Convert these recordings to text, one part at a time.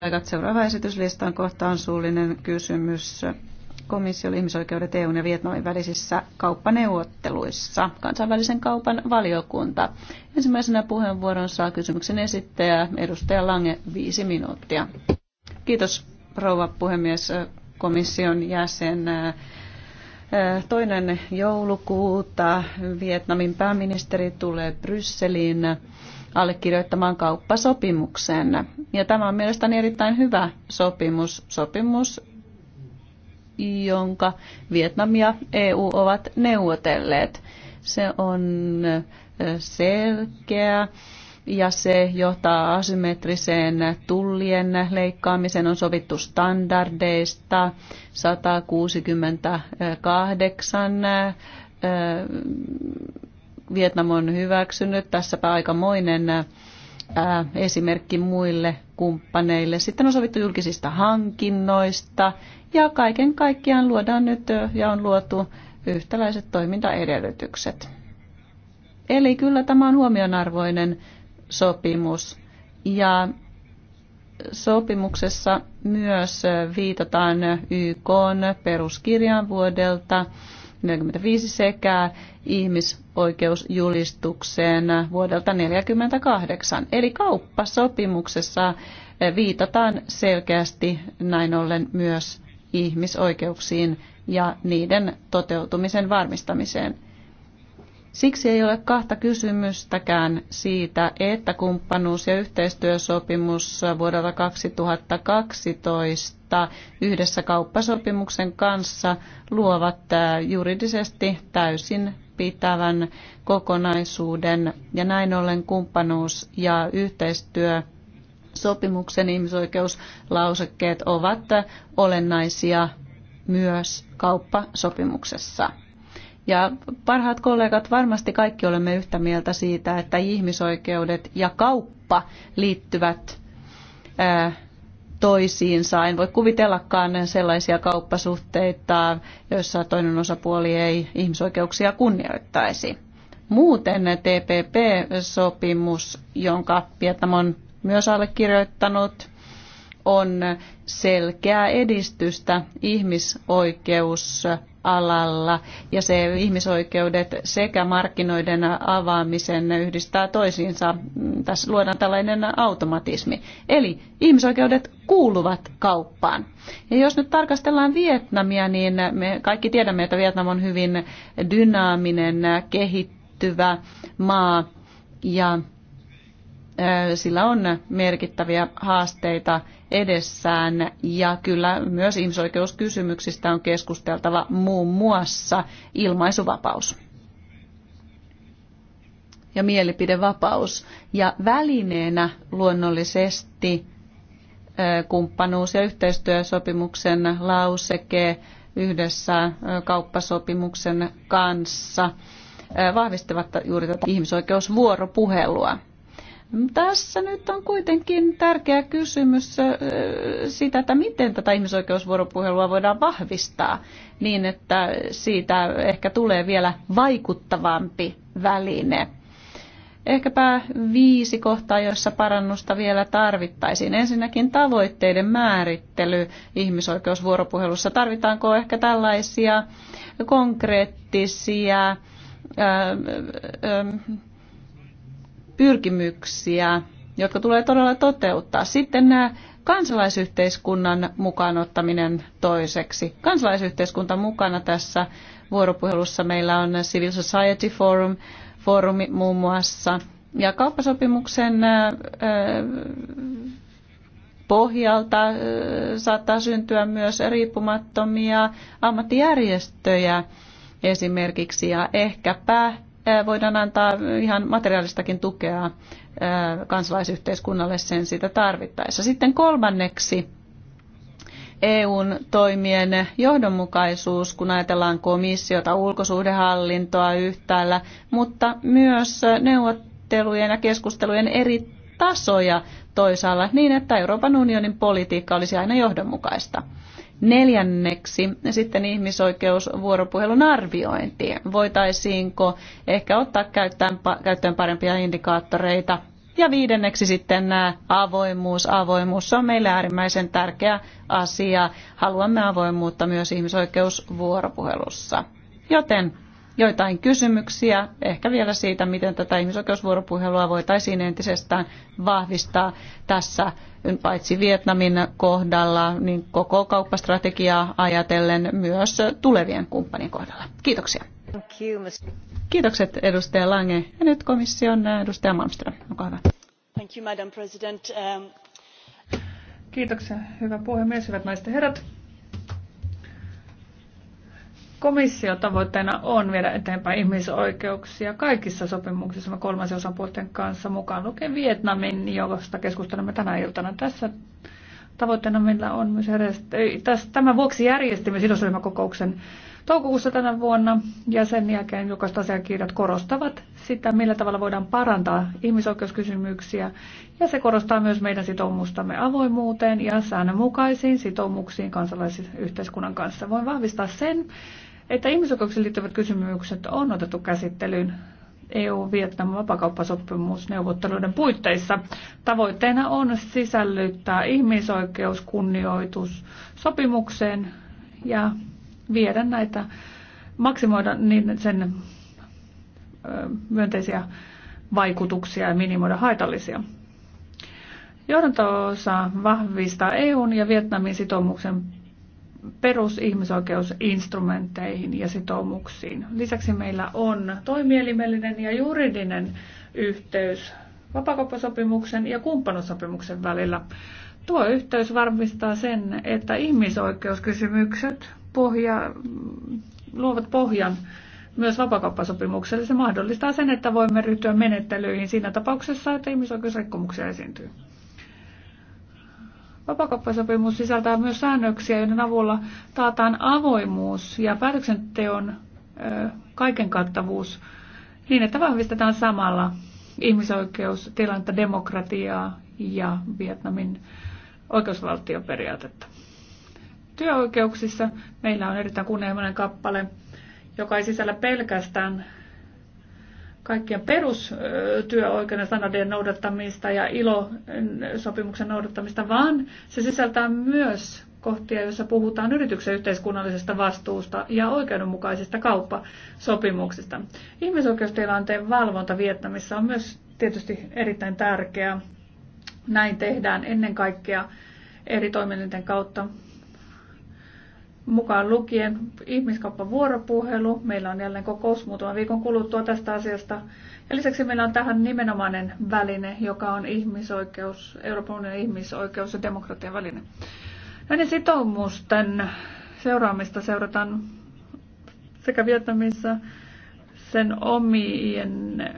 kollegat, seuraava esityslistan kohta on suullinen kysymys komission ihmisoikeudet EUn ja Vietnamin välisissä kauppaneuvotteluissa, kansainvälisen kaupan valiokunta. Ensimmäisenä puheenvuoron saa kysymyksen esittäjä edustaja Lange, viisi minuuttia. Kiitos rouva puhemies komission jäsen. Toinen joulukuuta Vietnamin pääministeri tulee Brysseliin allekirjoittamaan kauppasopimukseen. Ja tämä on mielestäni erittäin hyvä sopimus, sopimus jonka Vietnam ja EU ovat neuvotelleet. Se on selkeä ja se johtaa asymmetriseen tullien leikkaamiseen. On sovittu standardeista 168 Vietnam on hyväksynyt. Tässäpä aikamoinen ää, esimerkki muille kumppaneille. Sitten on sovittu julkisista hankinnoista ja kaiken kaikkiaan luodaan nyt ja on luotu yhtäläiset toimintaedellytykset. Eli kyllä tämä on huomionarvoinen sopimus. Ja sopimuksessa myös viitataan YK peruskirjan vuodelta 45 sekä ihmisoikeusjulistukseen vuodelta 1948. Eli kauppasopimuksessa viitataan selkeästi näin ollen myös ihmisoikeuksiin ja niiden toteutumisen varmistamiseen. Siksi ei ole kahta kysymystäkään siitä, että kumppanuus- ja yhteistyösopimus vuodelta 2012 yhdessä kauppasopimuksen kanssa luovat juridisesti täysin pitävän kokonaisuuden ja näin ollen kumppanuus- ja yhteistyö sopimuksen ihmisoikeuslausekkeet ovat olennaisia myös kauppasopimuksessa. Ja parhaat kollegat, varmasti kaikki olemme yhtä mieltä siitä, että ihmisoikeudet ja kauppa liittyvät toisiinsa. En voi kuvitellakaan sellaisia kauppasuhteita, joissa toinen osapuoli ei ihmisoikeuksia kunnioittaisi. Muuten TPP-sopimus, jonka Vietnam on myös allekirjoittanut, on selkeää edistystä ihmisoikeus alalla ja se ihmisoikeudet sekä markkinoiden avaamisen yhdistää toisiinsa. Mm, tässä luodaan tällainen automatismi. Eli ihmisoikeudet kuuluvat kauppaan. Ja jos nyt tarkastellaan Vietnamia, niin me kaikki tiedämme, että Vietnam on hyvin dynaaminen, kehittyvä maa ja sillä on merkittäviä haasteita edessään ja kyllä myös ihmisoikeuskysymyksistä on keskusteltava muun muassa ilmaisuvapaus ja mielipidevapaus. Ja välineenä luonnollisesti kumppanuus- ja yhteistyösopimuksen lauseke yhdessä kauppasopimuksen kanssa vahvistavat juuri tätä ihmisoikeusvuoropuhelua. Tässä nyt on kuitenkin tärkeä kysymys siitä, että miten tätä ihmisoikeusvuoropuhelua voidaan vahvistaa niin, että siitä ehkä tulee vielä vaikuttavampi väline. Ehkäpä viisi kohtaa, joissa parannusta vielä tarvittaisiin. Ensinnäkin tavoitteiden määrittely ihmisoikeusvuoropuhelussa. Tarvitaanko ehkä tällaisia konkreettisia pyrkimyksiä, jotka tulee todella toteuttaa. Sitten nämä kansalaisyhteiskunnan ottaminen toiseksi. Kansalaisyhteiskunta mukana tässä vuoropuhelussa meillä on Civil Society Forum, foorumi muun muassa. Ja kauppasopimuksen äh, äh, pohjalta äh, saattaa syntyä myös riippumattomia ammattijärjestöjä esimerkiksi ja ehkäpä voidaan antaa ihan materiaalistakin tukea kansalaisyhteiskunnalle sen sitä tarvittaessa. Sitten kolmanneksi EUn toimien johdonmukaisuus, kun ajatellaan komissiota, ulkosuhdehallintoa yhtäällä, mutta myös neuvottelujen ja keskustelujen eri tasoja toisaalla niin, että Euroopan unionin politiikka olisi aina johdonmukaista. Neljänneksi sitten ihmisoikeusvuoropuhelun arviointi. Voitaisiinko ehkä ottaa käyttöön, parempia indikaattoreita? Ja viidenneksi sitten nämä avoimuus. Avoimuus on meille äärimmäisen tärkeä asia. Haluamme avoimuutta myös ihmisoikeusvuoropuhelussa. Joten joitain kysymyksiä, ehkä vielä siitä, miten tätä ihmisoikeusvuoropuhelua voitaisiin entisestään vahvistaa tässä paitsi Vietnamin kohdalla, niin koko kauppastrategiaa ajatellen myös tulevien kumppanien kohdalla. Kiitoksia. Kiitokset edustaja Lange. Ja nyt komission edustaja Malmström, olkaa hyvä. Thank you, Madam President. Um, Kiitoksia, hyvä puhemies, hyvät naiset ja herrat. Komissio tavoitteena on viedä eteenpäin ihmisoikeuksia kaikissa sopimuksissa kolmansien osapuolten kanssa, mukaan lukien Vietnamin, josta keskustelemme tänä iltana. Tässä tavoitteena meillä on myös tässä, tämän vuoksi järjestimme sidosryhmäkokouksen toukokuussa tänä vuonna ja sen jälkeen jokaiset asiakirjat korostavat sitä, millä tavalla voidaan parantaa ihmisoikeuskysymyksiä ja se korostaa myös meidän sitoumustamme avoimuuteen ja säännönmukaisiin sitoumuksiin kansalaisyhteiskunnan kanssa. Voin vahvistaa sen, että ihmisoikeuksiin liittyvät kysymykset on otettu käsittelyyn EU-Vietnam vapakauppasopimusneuvotteluiden puitteissa. Tavoitteena on sisällyttää ihmisoikeuskunnioitus sopimukseen ja viedä näitä, maksimoida niin sen myönteisiä vaikutuksia ja minimoida haitallisia. osaa vahvistaa EUn ja Vietnamin sitoumuksen perusihmisoikeusinstrumentteihin ja sitoumuksiin. Lisäksi meillä on toimielimellinen ja juridinen yhteys vapakauppasopimuksen ja kumppanuussopimuksen välillä. Tuo yhteys varmistaa sen, että ihmisoikeuskysymykset pohja, luovat pohjan myös vapakauppasopimukselle. Se mahdollistaa sen, että voimme ryhtyä menettelyihin siinä tapauksessa, että ihmisoikeusrikkomuksia esiintyy. Vapakauppasopimus sisältää myös säännöksiä, joiden avulla taataan avoimuus ja päätöksenteon kaiken kattavuus niin, että vahvistetaan samalla ihmisoikeustilannetta, demokratiaa ja Vietnamin oikeusvaltioperiaatetta. Työoikeuksissa meillä on erittäin kunnianhimoinen kappale, joka ei sisällä pelkästään kaikkien perustyöoikeuden standardien noudattamista ja ILO-sopimuksen noudattamista, vaan se sisältää myös kohtia, joissa puhutaan yrityksen yhteiskunnallisesta vastuusta ja oikeudenmukaisista kauppasopimuksista. Ihmisoikeustilanteen valvonta viettämissä on myös tietysti erittäin tärkeää. Näin tehdään ennen kaikkea eri toiminnan kautta mukaan lukien ihmiskauppavuoropuhelu. Meillä on jälleen kokous muutaman viikon kuluttua tästä asiasta. Ja lisäksi meillä on tähän nimenomainen väline, joka on ihmisoikeus, Euroopan unionin ihmisoikeus- ja demokratian väline. Näiden sitoumusten seuraamista seurataan sekä Vietnamissa sen omien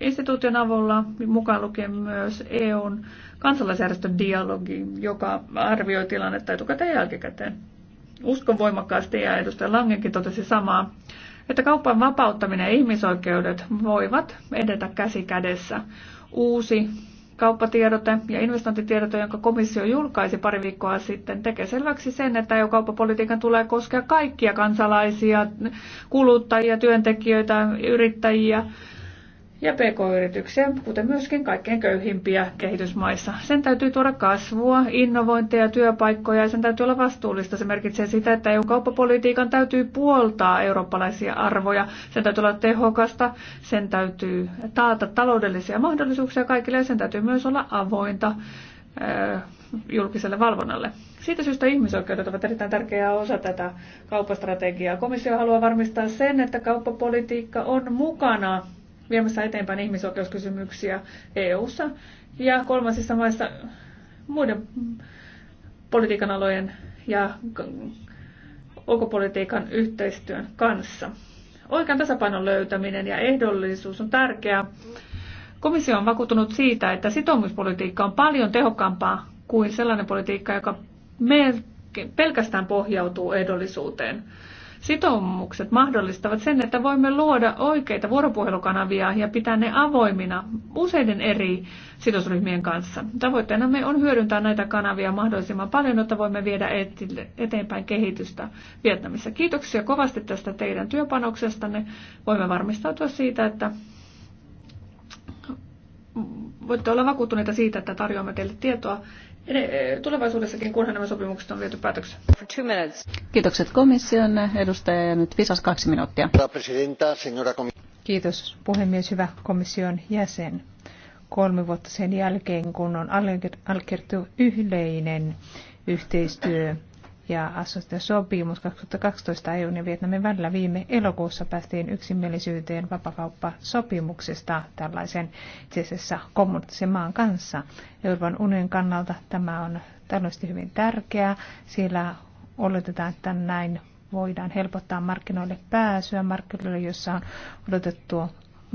instituution avulla, mukaan lukien myös EUn kansalaisjärjestön dialogi, joka arvioi tilannetta etukäteen ja jälkikäteen. Uskon voimakkaasti, ja edustaja Langenkin totesi samaa, että kaupan vapauttaminen ja ihmisoikeudet voivat edetä käsi kädessä. Uusi kauppatiedote ja investointitiedote, jonka komissio julkaisi pari viikkoa sitten, tekee selväksi sen, että jo kauppapolitiikan tulee koskea kaikkia kansalaisia, kuluttajia, työntekijöitä, yrittäjiä, ja pk-yrityksiä, kuten myöskin kaikkein köyhimpiä kehitysmaissa. Sen täytyy tuoda kasvua, innovointeja, työpaikkoja ja sen täytyy olla vastuullista. Se merkitsee sitä, että EU-kauppapolitiikan täytyy puoltaa eurooppalaisia arvoja. Sen täytyy olla tehokasta, sen täytyy taata taloudellisia mahdollisuuksia kaikille ja sen täytyy myös olla avointa julkiselle valvonnalle. Siitä syystä ihmisoikeudet ovat erittäin tärkeä osa tätä kauppastrategiaa. Komissio haluaa varmistaa sen, että kauppapolitiikka on mukana viemässä eteenpäin ihmisoikeuskysymyksiä EU:ssa ja kolmansissa maissa muiden politiikan alojen ja ulkopolitiikan yhteistyön kanssa. Oikean tasapainon löytäminen ja ehdollisuus on tärkeää. Komissio on vakuuttunut siitä, että sitoumuspolitiikka on paljon tehokkaampaa kuin sellainen politiikka, joka pelkästään pohjautuu ehdollisuuteen sitoumukset mahdollistavat sen, että voimme luoda oikeita vuoropuhelukanavia ja pitää ne avoimina useiden eri sidosryhmien kanssa. Tavoitteena me on hyödyntää näitä kanavia mahdollisimman paljon, jotta voimme viedä eteenpäin kehitystä Vietnamissa. Kiitoksia kovasti tästä teidän työpanoksestanne. Voimme varmistautua siitä, että voitte olla vakuuttuneita siitä, että tarjoamme teille tietoa E, tulevaisuudessakin, kunhan nämä sopimukset on viety päätökseen. Kiitokset komission edustaja ja nyt visas kaksi minuuttia. Kiitos puhemies, hyvä komission jäsen. Kolme vuotta sen jälkeen, kun on allekirjoitettu yleinen yhteistyö ja assosiaatiosopimus 2012 EU ja Vietnamin välillä viime elokuussa päästiin yksimielisyyteen vapakauppasopimuksesta tällaisen itse asiassa kommunistisen maan kanssa. Euroopan unionin kannalta tämä on tällaisesti hyvin tärkeää, sillä oletetaan, että näin voidaan helpottaa markkinoille pääsyä, markkinoille, jossa on odotettu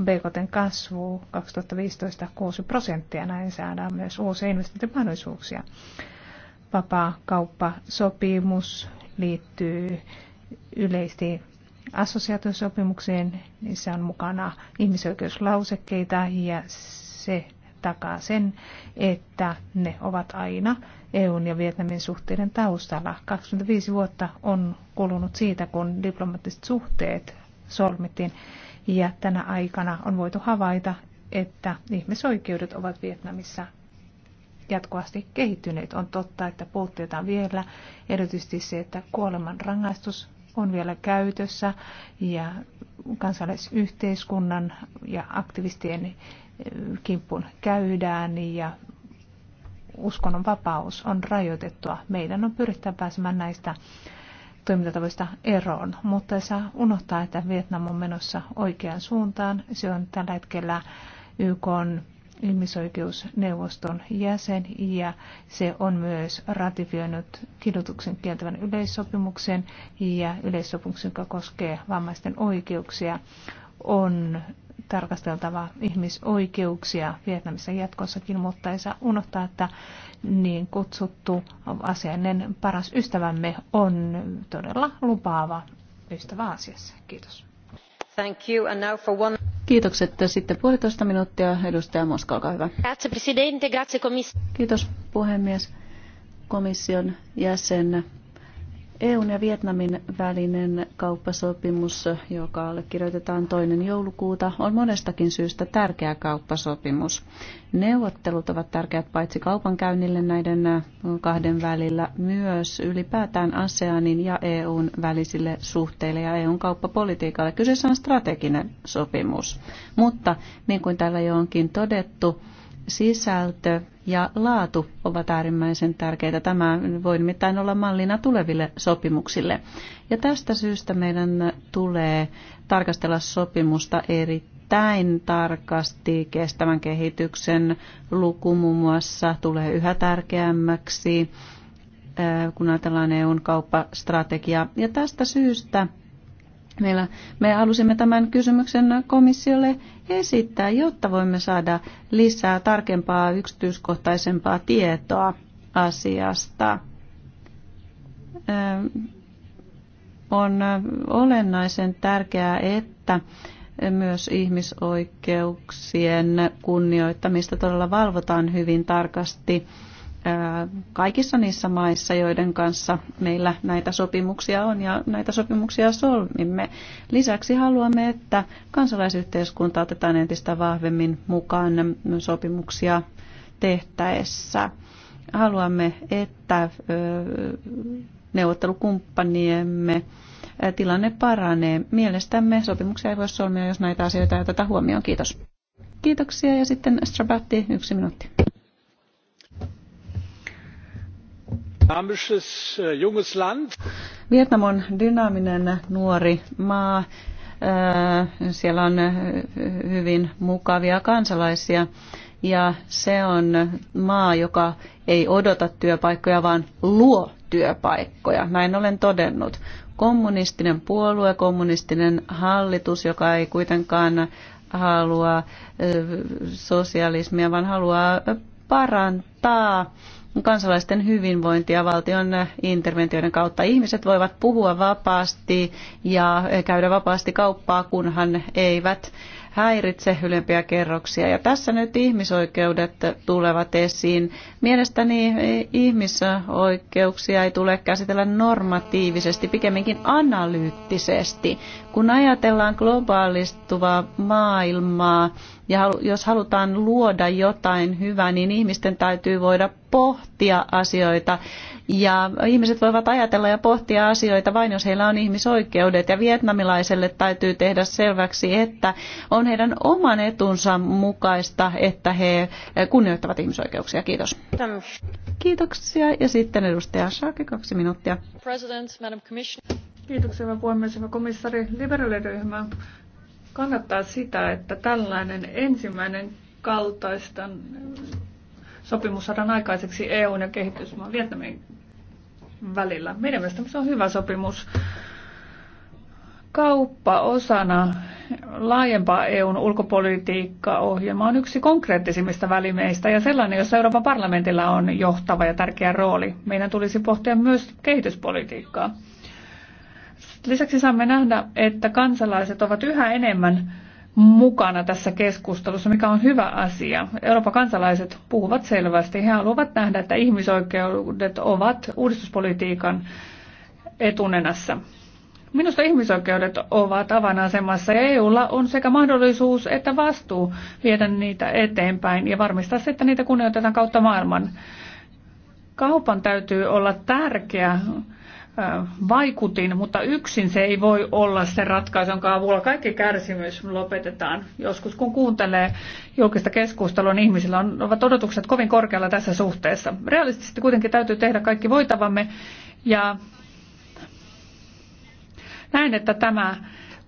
BKTn kasvu 2015 6 prosenttia. Näin saadaan myös uusia investointimahdollisuuksia vapaa kauppasopimus liittyy yleisesti assosiaatiosopimukseen, niissä on mukana ihmisoikeuslausekkeita ja se takaa sen, että ne ovat aina EUn ja Vietnamin suhteiden taustalla. 25 vuotta on kulunut siitä, kun diplomaattiset suhteet solmittiin ja tänä aikana on voitu havaita, että ihmisoikeudet ovat Vietnamissa jatkuvasti kehittyneet. On totta, että puutteita on vielä, erityisesti se, että kuoleman rangaistus on vielä käytössä ja kansalaisyhteiskunnan ja aktivistien eh, kimppun käydään ja uskonnon vapaus on rajoitettua. Meidän on pyrittävä pääsemään näistä toimintatavoista eroon, mutta ei saa unohtaa, että Vietnam on menossa oikeaan suuntaan. Se on tällä hetkellä YK on ihmisoikeusneuvoston jäsen ja se on myös ratifioinut kidutuksen kieltävän yleissopimuksen ja yleissopimuksen, joka koskee vammaisten oikeuksia, on tarkasteltava ihmisoikeuksia Vietnamissa jatkossakin, mutta ei saa unohtaa, että niin kutsuttu asiainen paras ystävämme on todella lupaava ystävä asiassa. Kiitos. Thank Sitten puolitoista minuuttia. Edustaja Moska, olkaa hyvä. Kiitos puhemies komission jäsen. EUn ja Vietnamin välinen kauppasopimus, joka allekirjoitetaan toinen joulukuuta, on monestakin syystä tärkeä kauppasopimus. Neuvottelut ovat tärkeät paitsi kaupankäynnille näiden kahden välillä, myös ylipäätään ASEANin ja EUn välisille suhteille ja EUn kauppapolitiikalle. Kyseessä on strateginen sopimus, mutta niin kuin täällä jo onkin todettu, sisältö ja laatu ovat äärimmäisen tärkeitä. Tämä voi nimittäin olla mallina tuleville sopimuksille. Ja tästä syystä meidän tulee tarkastella sopimusta erittäin tarkasti. Kestävän kehityksen luku muun muassa tulee yhä tärkeämmäksi, äh, kun ajatellaan EUn kauppastrategiaa. Ja tästä syystä Meillä, me halusimme tämän kysymyksen komissiolle esittää, jotta voimme saada lisää tarkempaa, yksityiskohtaisempaa tietoa asiasta. On olennaisen tärkeää, että myös ihmisoikeuksien kunnioittamista todella valvotaan hyvin tarkasti kaikissa niissä maissa, joiden kanssa meillä näitä sopimuksia on ja näitä sopimuksia solmimme. Lisäksi haluamme, että kansalaisyhteiskunta otetaan entistä vahvemmin mukaan sopimuksia tehtäessä. Haluamme, että neuvottelukumppaniemme tilanne paranee. Mielestämme sopimuksia ei voi solmia, jos näitä asioita ei oteta huomioon. Kiitos. Kiitoksia ja sitten Strabatti, yksi minuutti. Äh, Vietnam on dynaaminen nuori maa. Äh, siellä on äh, hyvin mukavia kansalaisia ja se on maa, joka ei odota työpaikkoja, vaan luo työpaikkoja. Näin olen todennut. Kommunistinen puolue, kommunistinen hallitus, joka ei kuitenkaan halua sosialismia, vaan haluaa parantaa kansalaisten hyvinvointia valtion interventioiden kautta. Ihmiset voivat puhua vapaasti ja käydä vapaasti kauppaa, kunhan eivät häiritse ylempiä kerroksia. Ja tässä nyt ihmisoikeudet tulevat esiin. Mielestäni ihmisoikeuksia ei tule käsitellä normatiivisesti, pikemminkin analyyttisesti. Kun ajatellaan globaalistuvaa maailmaa, ja jos halutaan luoda jotain hyvää, niin ihmisten täytyy voida pohtia asioita. Ja ihmiset voivat ajatella ja pohtia asioita vain, jos heillä on ihmisoikeudet. Ja vietnamilaiselle täytyy tehdä selväksi, että on heidän oman etunsa mukaista, että he kunnioittavat ihmisoikeuksia. Kiitos. Kiitoksia. Ja sitten edustaja Saake, kaksi minuuttia. Kiitoksia, puhemies, ja komissari. Liberaaliryhmä kannattaa sitä, että tällainen ensimmäinen kaltaista sopimus saadaan aikaiseksi EUn ja kehitysmaan Vietnamin välillä. Meidän mielestämme se on hyvä sopimus. Kauppa osana laajempaa EUn ulkopolitiikkaohjelmaa on yksi konkreettisimmista välimeistä ja sellainen, jossa Euroopan parlamentilla on johtava ja tärkeä rooli. Meidän tulisi pohtia myös kehityspolitiikkaa. Lisäksi saamme nähdä, että kansalaiset ovat yhä enemmän mukana tässä keskustelussa, mikä on hyvä asia. Euroopan kansalaiset puhuvat selvästi. He haluavat nähdä, että ihmisoikeudet ovat uudistuspolitiikan etunenässä. Minusta ihmisoikeudet ovat avainasemassa ja EUlla on sekä mahdollisuus että vastuu viedä niitä eteenpäin ja varmistaa se, että niitä kunnioitetaan kautta maailman. Kaupan täytyy olla tärkeä vaikutin, mutta yksin se ei voi olla se ratkaisu, jonka avulla kaikki kärsimys lopetetaan. Joskus kun kuuntelee julkista keskustelua, niin ihmisillä on, ovat odotukset kovin korkealla tässä suhteessa. Realistisesti kuitenkin täytyy tehdä kaikki voitavamme ja näin, että tämä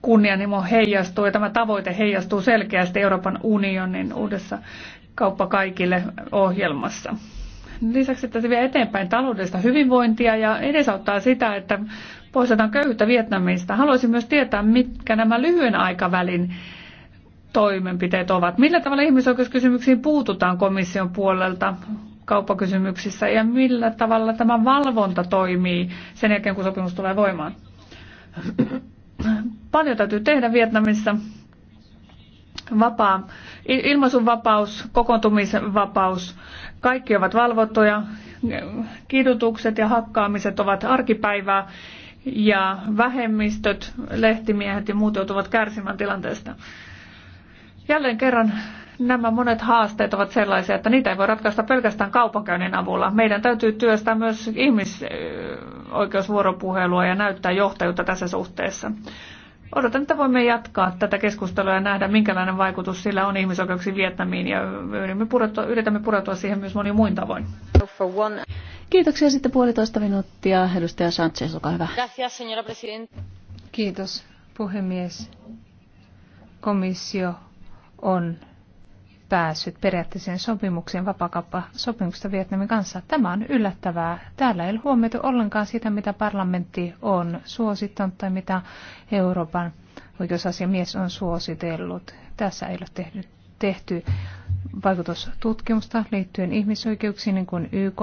kunnianhimo heijastuu ja tämä tavoite heijastuu selkeästi Euroopan unionin uudessa kauppa kaikille ohjelmassa lisäksi, että se vie eteenpäin taloudellista hyvinvointia ja edesauttaa sitä, että poistetaan köyhyyttä Vietnamista. Haluaisin myös tietää, mitkä nämä lyhyen aikavälin toimenpiteet ovat. Millä tavalla ihmisoikeuskysymyksiin puututaan komission puolelta kauppakysymyksissä ja millä tavalla tämä valvonta toimii sen jälkeen, kun sopimus tulee voimaan? Paljon täytyy tehdä Vietnamissa. Vapaa, ilmaisunvapaus, kokoontumisvapaus, kaikki ovat valvottuja, kidutukset ja hakkaamiset ovat arkipäivää ja vähemmistöt, lehtimiehet ja muut joutuvat kärsimään tilanteesta. Jälleen kerran nämä monet haasteet ovat sellaisia, että niitä ei voi ratkaista pelkästään kaupankäynnin avulla. Meidän täytyy työstää myös ihmisoikeusvuoropuhelua ja näyttää johtajuutta tässä suhteessa. Odotan, että voimme jatkaa tätä keskustelua ja nähdä, minkälainen vaikutus sillä on ihmisoikeuksiin Vietnamiin ja yritämme pureutua, yritämme pureutua siihen myös monin muin tavoin. Kiitoksia sitten puolitoista minuuttia. Edustaja Sanchez, olkaa hyvä. Kiitos, puhemies. Komissio on päässyt periaatteeseen sopimukseen vapakauppasopimuksesta Vietnamin kanssa. Tämä on yllättävää. Täällä ei ole huomioitu ollenkaan sitä, mitä parlamentti on suosittanut tai mitä Euroopan oikeusasiamies on suositellut. Tässä ei ole tehty, tehty vaikutustutkimusta liittyen ihmisoikeuksiin, niin kuin YK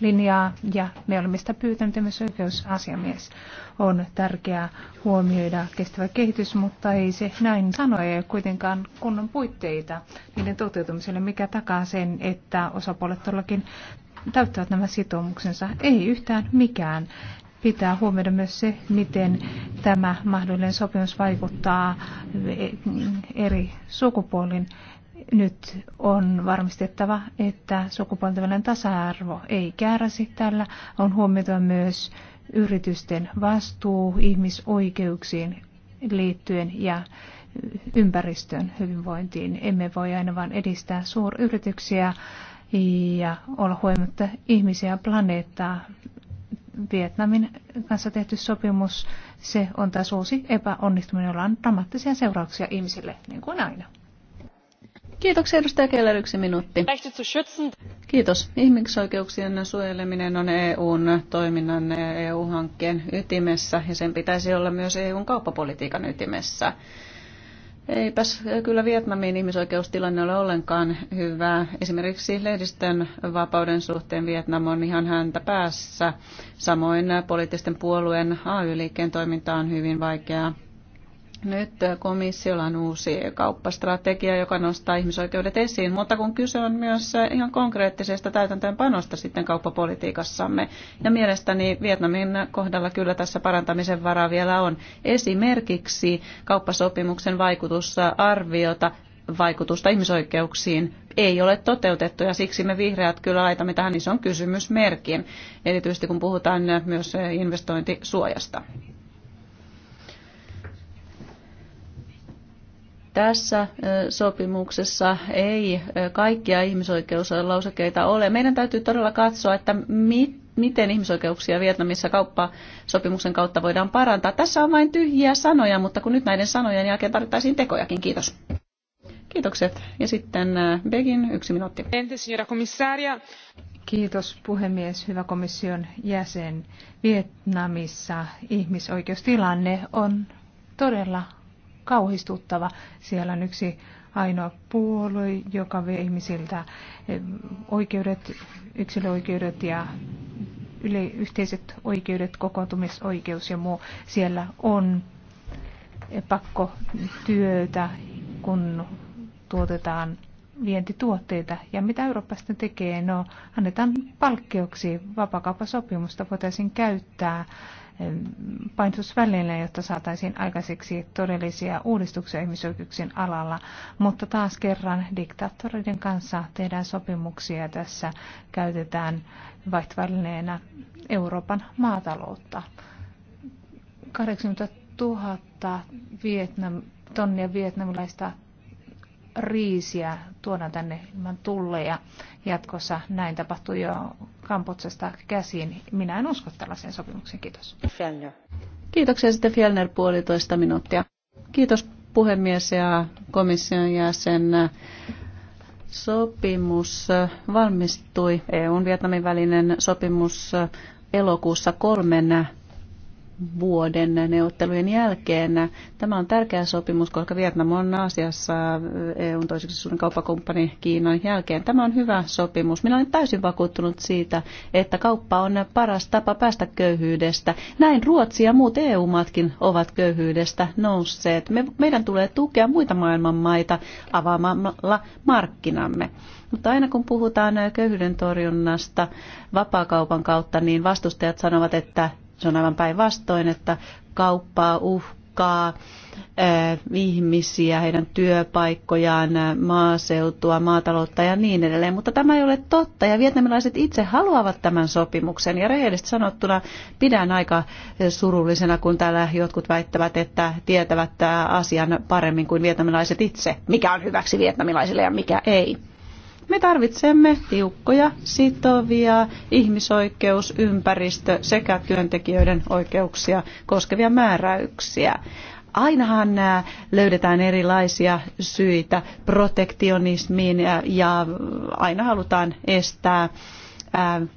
linjaa ja me olemme sitä pyytäneet myös oikeusasiamies on tärkeää huomioida kestävä kehitys, mutta ei se näin sanoja ei kuitenkaan kunnon puitteita niiden toteutumiselle, mikä takaa sen, että osapuolet todellakin täyttävät nämä sitoumuksensa. Ei yhtään mikään. Pitää huomioida myös se, miten tämä mahdollinen sopimus vaikuttaa eri sukupuolin nyt on varmistettava, että sukupuolten tasa-arvo ei kärsi tällä. On huomioitava myös yritysten vastuu ihmisoikeuksiin liittyen ja ympäristön hyvinvointiin. Emme voi aina vain edistää suuryrityksiä ja olla huomatta ihmisiä ja planeettaa. Vietnamin kanssa tehty sopimus, se on taas uusi epäonnistuminen, jolla on dramaattisia seurauksia ihmisille, niin kuin aina. Kiitoksia edustaja Keller, yksi minuutti. Kiitos. Ihmisoikeuksien suojeleminen on EUn toiminnan EU-hankkeen ytimessä ja sen pitäisi olla myös EUn kauppapolitiikan ytimessä. Eipäs kyllä Vietnamin ihmisoikeustilanne ole ollenkaan hyvä. Esimerkiksi lehdistön vapauden suhteen Vietnam on ihan häntä päässä. Samoin poliittisten puolueen AY-liikkeen toiminta on hyvin vaikeaa. Nyt komissiolla on uusi kauppastrategia, joka nostaa ihmisoikeudet esiin, mutta kun kyse on myös ihan konkreettisesta täytäntöönpanosta sitten kauppapolitiikassamme. Ja mielestäni Vietnamin kohdalla kyllä tässä parantamisen varaa vielä on. Esimerkiksi kauppasopimuksen vaikutusarviota vaikutusta ihmisoikeuksiin ei ole toteutettu ja siksi me vihreät kyllä laitamme tähän ison kysymysmerkin, erityisesti kun puhutaan myös investointisuojasta. tässä sopimuksessa ei kaikkia ihmisoikeuslausekkeita ole. Meidän täytyy todella katsoa, että mit, miten ihmisoikeuksia Vietnamissa kauppasopimuksen kautta voidaan parantaa. Tässä on vain tyhjiä sanoja, mutta kun nyt näiden sanojen jälkeen tarvittaisiin tekojakin. Kiitos. Kiitokset. Ja sitten Begin, yksi minuutti. Kiitos puhemies, hyvä komission jäsen. Vietnamissa ihmisoikeustilanne on todella kauhistuttava. Siellä on yksi ainoa puolue, joka vie ihmisiltä eh, oikeudet, yksilöoikeudet ja yle, yhteiset oikeudet, kokoontumisoikeus ja muu. Siellä on eh, pakko työtä, kun tuotetaan vientituotteita. Ja mitä Eurooppa sitten tekee? No, annetaan palkkioksi vapakaupasopimusta voitaisiin käyttää painostusvälineillä, jotta saataisiin aikaiseksi todellisia uudistuksia ihmisoikeuksien alalla. Mutta taas kerran diktaattoreiden kanssa tehdään sopimuksia ja tässä käytetään vaihtovälineenä Euroopan maataloutta. 80 000 Vietnam, tonnia vietnamilaista riisiä tuodaan tänne ilman tulleja. Jatkossa näin tapahtui jo Kampotsasta käsin. Minä en usko tällaiseen sopimukseen. Kiitos. Fjellner. Kiitoksia sitten Fjellner puolitoista minuuttia. Kiitos puhemies ja komission jäsen. Sopimus valmistui, EUn Vietnamin välinen sopimus elokuussa kolmen vuoden neuvottelujen jälkeen. Tämä on tärkeä sopimus, koska Vietnam on Aasiassa EUn toiseksi suurin kauppakumppani Kiinan jälkeen. Tämä on hyvä sopimus. Minä olen täysin vakuuttunut siitä, että kauppa on paras tapa päästä köyhyydestä. Näin Ruotsi ja muut EU-maatkin ovat köyhyydestä nousseet. Me, meidän tulee tukea muita maailman maita avaamalla markkinamme. Mutta aina kun puhutaan köyhyyden torjunnasta vapaakaupan kautta, niin vastustajat sanovat, että se on aivan päinvastoin, että kauppaa uhkaa ihmisiä, heidän työpaikkojaan, maaseutua, maataloutta ja niin edelleen. Mutta tämä ei ole totta ja vietnamilaiset itse haluavat tämän sopimuksen ja rehellisesti sanottuna pidän aika surullisena, kun täällä jotkut väittävät, että tietävät asian paremmin kuin vietnamilaiset itse, mikä on hyväksi vietnamilaisille ja mikä ei. Me tarvitsemme tiukkoja, sitovia ihmisoikeus-, ympäristö- sekä työntekijöiden oikeuksia koskevia määräyksiä. Ainahan löydetään erilaisia syitä protektionismiin ja aina halutaan estää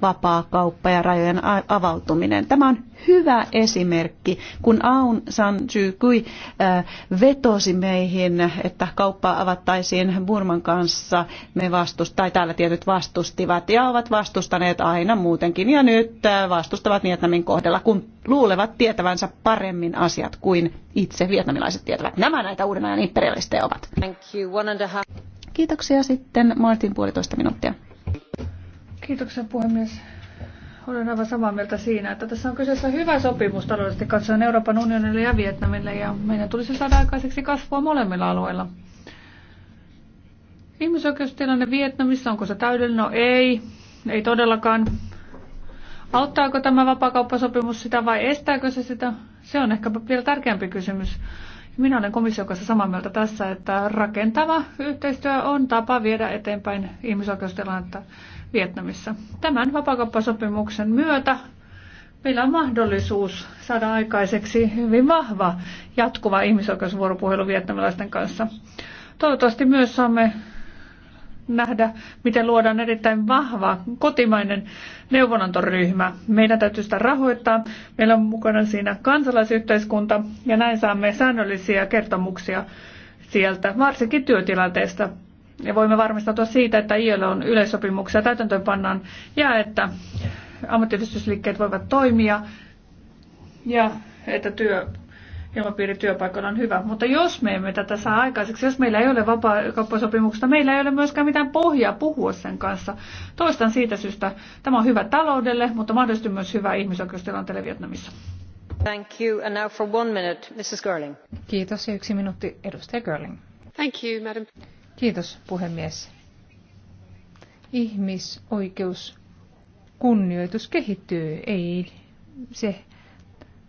vapaa kauppa ja rajojen avautuminen. Tämä on hyvä esimerkki, kun Aung San Suu Kyi vetosi meihin, että kauppa avattaisiin Burman kanssa. Me vastust, tai täällä tietyt vastustivat ja ovat vastustaneet aina muutenkin. Ja nyt vastustavat Vietnamin kohdalla, kun luulevat tietävänsä paremmin asiat kuin itse vietnamilaiset tietävät. Nämä näitä uuden ajan imperialisteja ovat. Kiitoksia sitten Martin puolitoista minuuttia. Kiitoksia puhemies. Olen aivan samaa mieltä siinä, että tässä on kyseessä hyvä sopimus taloudellisesti katsoen Euroopan unionille ja Vietnamille ja meidän tulisi saada aikaiseksi kasvua molemmilla alueilla. Ihmisoikeustilanne Vietnamissa, onko se täydellinen? No ei, ei todellakaan. Auttaako tämä vapakauppasopimus sitä vai estääkö se sitä? Se on ehkä vielä tärkeämpi kysymys. Minä olen komission kanssa samaa mieltä tässä, että rakentava yhteistyö on tapa viedä eteenpäin ihmisoikeustilannetta Vietnamissa. Tämän vapakauppasopimuksen myötä meillä on mahdollisuus saada aikaiseksi hyvin vahva jatkuva ihmisoikeusvuoropuhelu vietnamilaisten kanssa. Toivottavasti myös saamme nähdä, miten luodaan erittäin vahva kotimainen neuvonantoryhmä. Meidän täytyy sitä rahoittaa. Meillä on mukana siinä kansalaisyhteiskunta ja näin saamme säännöllisiä kertomuksia sieltä, varsinkin työtilanteesta ja voimme varmistautua siitä, että ILO on yleissopimuksia täytäntöönpannaan ja että ammattiyhdistysliikkeet voivat toimia ja että työ ilmapiiri työpaikalla on hyvä. Mutta jos me emme tätä saa aikaiseksi, jos meillä ei ole vapaakauppasopimuksesta, meillä ei ole myöskään mitään pohjaa puhua sen kanssa. Toistan siitä syystä, tämä on hyvä taloudelle, mutta mahdollisesti myös hyvä ihmisoikeustilanteelle Vietnamissa. Thank you. And now for one minute, Mrs. Girling. Kiitos ja yksi minuutti, edustaja Girling. Thank you, madam. Kiitos puhemies. Ihmisoikeus kunnioitus kehittyy. Ei se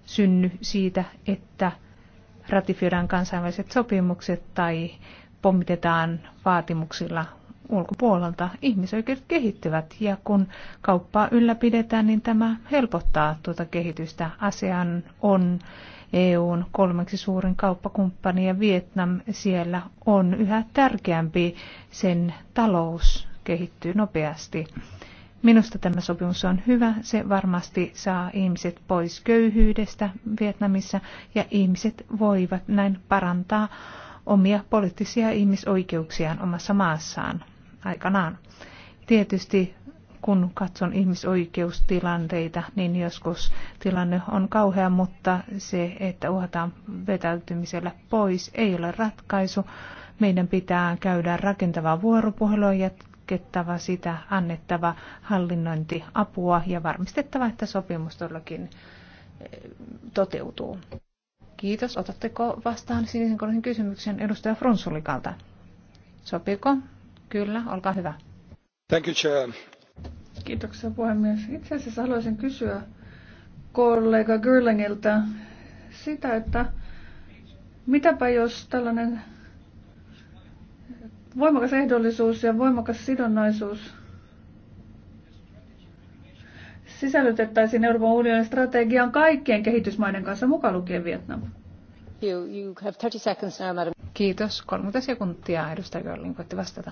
synny siitä, että ratifioidaan kansainväliset sopimukset tai pommitetaan vaatimuksilla ulkopuolelta. Ihmisoikeudet kehittyvät ja kun kauppaa ylläpidetään, niin tämä helpottaa tuota kehitystä. Asian on EUn kolmeksi suurin kauppakumppani ja Vietnam siellä on yhä tärkeämpi. Sen talous kehittyy nopeasti. Minusta tämä sopimus on hyvä. Se varmasti saa ihmiset pois köyhyydestä Vietnamissa ja ihmiset voivat näin parantaa omia poliittisia ihmisoikeuksiaan omassa maassaan aikanaan. Tietysti kun katson ihmisoikeustilanteita, niin joskus tilanne on kauhea, mutta se, että uhataan vetäytymisellä pois, ei ole ratkaisu. Meidän pitää käydä rakentavaa vuoropuhelua, jatkettava sitä, annettava hallinnointiapua ja varmistettava, että sopimus todellakin eh, toteutuu. Kiitos. Otatteko vastaan sinisen kolmen kysymyksen edustaja Frunsulikalta? Sopiiko? Kyllä, olkaa hyvä. Thank you, Chair. Kiitoksia puhemies. Itse asiassa haluaisin kysyä kollega Gürlingiltä sitä, että mitäpä jos tällainen voimakas ehdollisuus ja voimakas sidonnaisuus sisällytettäisiin Euroopan unionin strategiaan kaikkien kehitysmaiden kanssa, mukaan lukien Vietnam? Kiitos. 30 sekuntia. Edustaja Görling, voitte vastata.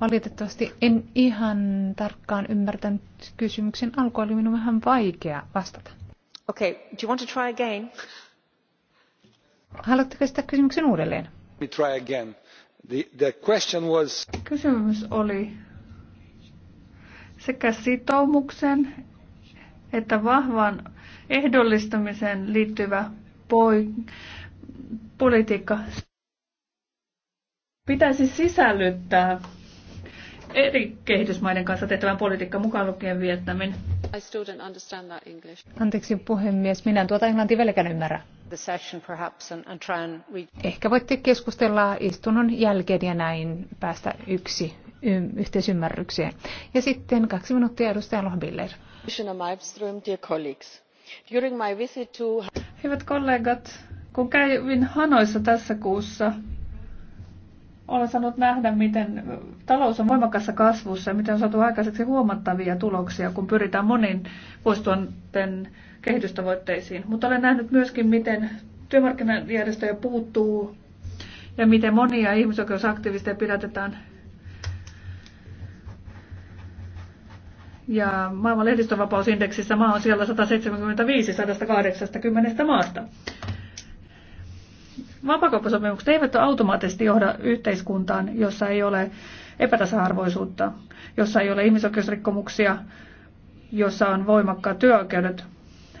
Valitettavasti en ihan tarkkaan ymmärtänyt kysymyksen alkua, oli minun vähän vaikea vastata. Okay, do you want to try again? Haluatteko sitä kysymyksen uudelleen? Let me try again. The, the question was... Kysymys oli sekä sitoumuksen että vahvan ehdollistamiseen liittyvä poi, politiikka pitäisi sisällyttää eri kehitysmaiden kanssa tehtävän politiikka mukaan lukien viettämin. I still don't understand that English. Anteeksi puhemies, minä en tuota englantia vieläkään ymmärrä. The session perhaps and, and try and read. Ehkä voitte keskustella istunnon jälkeen ja näin päästä yksi y- yhteisymmärrykseen. Ja sitten kaksi minuuttia edustaja Lohbiller. Hyvät kollegat, kun kävin Hanoissa tässä kuussa, olen saanut nähdä, miten talous on voimakkaassa kasvussa ja miten on saatu aikaiseksi huomattavia tuloksia, kun pyritään moniin vuosituhanten kehitystavoitteisiin. Mutta olen nähnyt myöskin, miten työmarkkinajärjestöjä puuttuu ja miten monia ihmisoikeusaktivisteja pidätetään. Ja maailman lehdistönvapausindeksissä maa on siellä 175 180 maasta vapakauppasopimukset eivät automaattisesti johda yhteiskuntaan, jossa ei ole epätasa-arvoisuutta, jossa ei ole ihmisoikeusrikkomuksia, jossa on voimakkaat työoikeudet.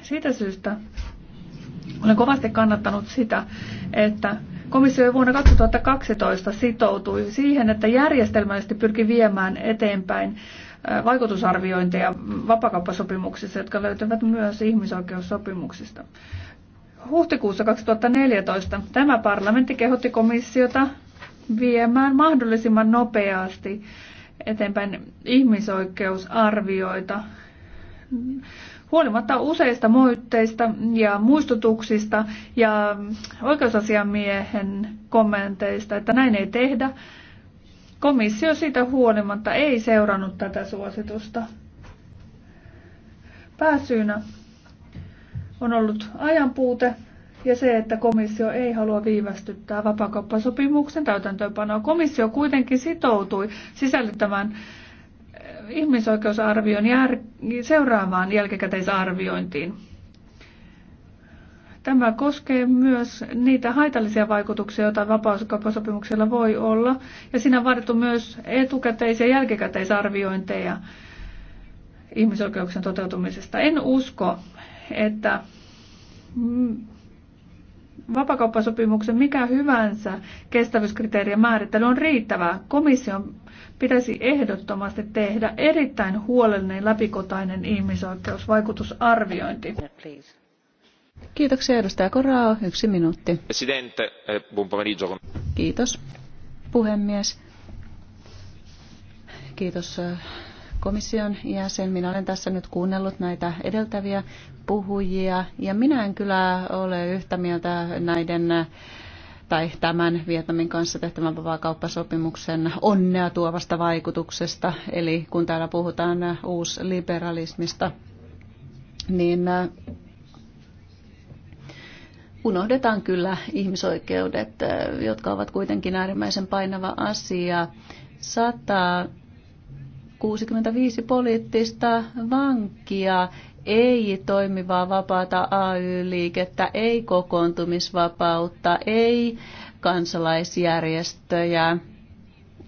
Siitä syystä olen kovasti kannattanut sitä, että komissio vuonna 2012 sitoutui siihen, että järjestelmällisesti pyrki viemään eteenpäin vaikutusarviointeja vapakauppasopimuksissa, jotka löytyvät myös ihmisoikeussopimuksista huhtikuussa 2014 tämä parlamentti kehotti komissiota viemään mahdollisimman nopeasti eteenpäin ihmisoikeusarvioita. Huolimatta useista moitteista ja muistutuksista ja oikeusasiamiehen kommenteista, että näin ei tehdä, komissio siitä huolimatta ei seurannut tätä suositusta. Pääsyynä on ollut ajanpuute ja se, että komissio ei halua viivästyttää vapakauppasopimuksen täytäntöönpanoa. Komissio kuitenkin sitoutui sisällyttämään eh, ihmisoikeusarvion jär- seuraavaan jälkikäteisarviointiin. Tämä koskee myös niitä haitallisia vaikutuksia, joita vapauskauppasopimuksella voi olla, ja siinä on vaadittu myös etukäteis- ja jälkikäteisarviointeja ihmisoikeuksien toteutumisesta. En usko, että vapakauppasopimuksen mikä hyvänsä kestävyyskriteerien määrittely on riittävää. Komission pitäisi ehdottomasti tehdä erittäin huolellinen läpikotainen ihmisoikeusvaikutusarviointi. Kiitoksia edustaja Korao. Yksi minuutti. Presidente, eh, buon pomeriggio. Kiitos puhemies. Kiitos eh, komission jäsen. Minä olen tässä nyt kuunnellut näitä edeltäviä puhujia ja minä en kyllä ole yhtä mieltä näiden tai tämän Vietnamin kanssa tehtävän vapaakauppasopimuksen onnea tuovasta vaikutuksesta. Eli kun täällä puhutaan uusliberalismista, niin äh, unohdetaan kyllä ihmisoikeudet, äh, jotka ovat kuitenkin äärimmäisen painava asia. saattaa 65 poliittista vankia, ei toimivaa vapaata AY-liikettä, ei kokoontumisvapautta, ei kansalaisjärjestöjä.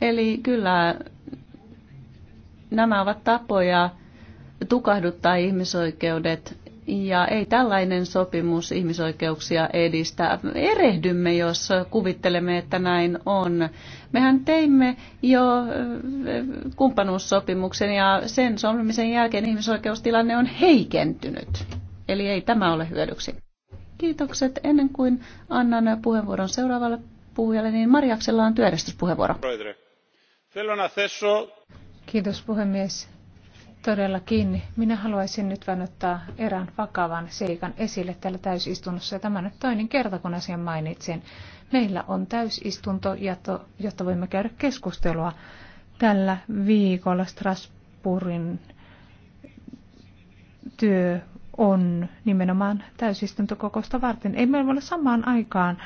Eli kyllä nämä ovat tapoja tukahduttaa ihmisoikeudet ja ei tällainen sopimus ihmisoikeuksia edistä. Erehdymme, jos kuvittelemme, että näin on. Mehän teimme jo äh, kumppanuussopimuksen ja sen solmimisen jälkeen ihmisoikeustilanne on heikentynyt. Eli ei tämä ole hyödyksi. Kiitokset. Ennen kuin annan puheenvuoron seuraavalle puhujalle, niin Marjaksella on työjärjestyspuheenvuoro. Kiitos puhemies Todellakin. Minä haluaisin nyt vain ottaa erään vakavan seikan esille täällä täysistunnossa. Ja tämä nyt toinen kerta, kun asian mainitsin. Meillä on täysistunto, jotta voimme käydä keskustelua tällä viikolla Strasbourgin työ on nimenomaan täysistuntokokousta varten. Ei meillä ole samaan aikaan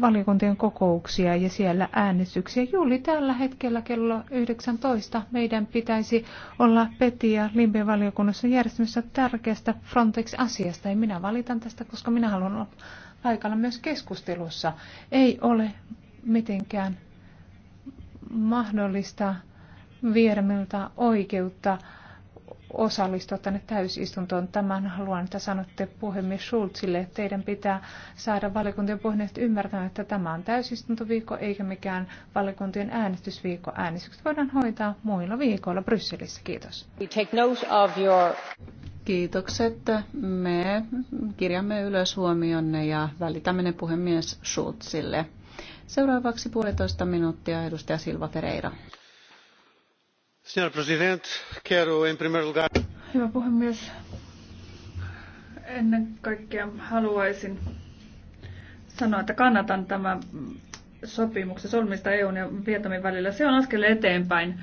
valiokuntien kokouksia ja siellä äänestyksiä. Juuri tällä hetkellä kello 19 meidän pitäisi olla Peti ja Limpien valiokunnassa järjestämässä tärkeästä Frontex-asiasta. Ja minä valitan tästä, koska minä haluan olla paikalla myös keskustelussa. Ei ole mitenkään mahdollista viedä minulta oikeutta osallistua tänne täysistuntoon. Tämän haluan, että sanotte puhemies Schulzille, että teidän pitää saada valiokuntien puheenjohtajat ymmärtämään, että tämä on täysistuntoviikko eikä mikään valiokuntien äänestysviikko. Äänestykset voidaan hoitaa muilla viikoilla Brysselissä. Kiitos. Kiitokset. Me kirjamme ylös huomionne ja välitämme ne puhemies Schulzille. Seuraavaksi puolitoista minuuttia edustaja Silva Pereira arvoisa puhemies. Ennen kaikkea haluaisin sanoa, että kannatan tämän sopimuksen solmista EUn ja Vietnamin välillä. Se on askel eteenpäin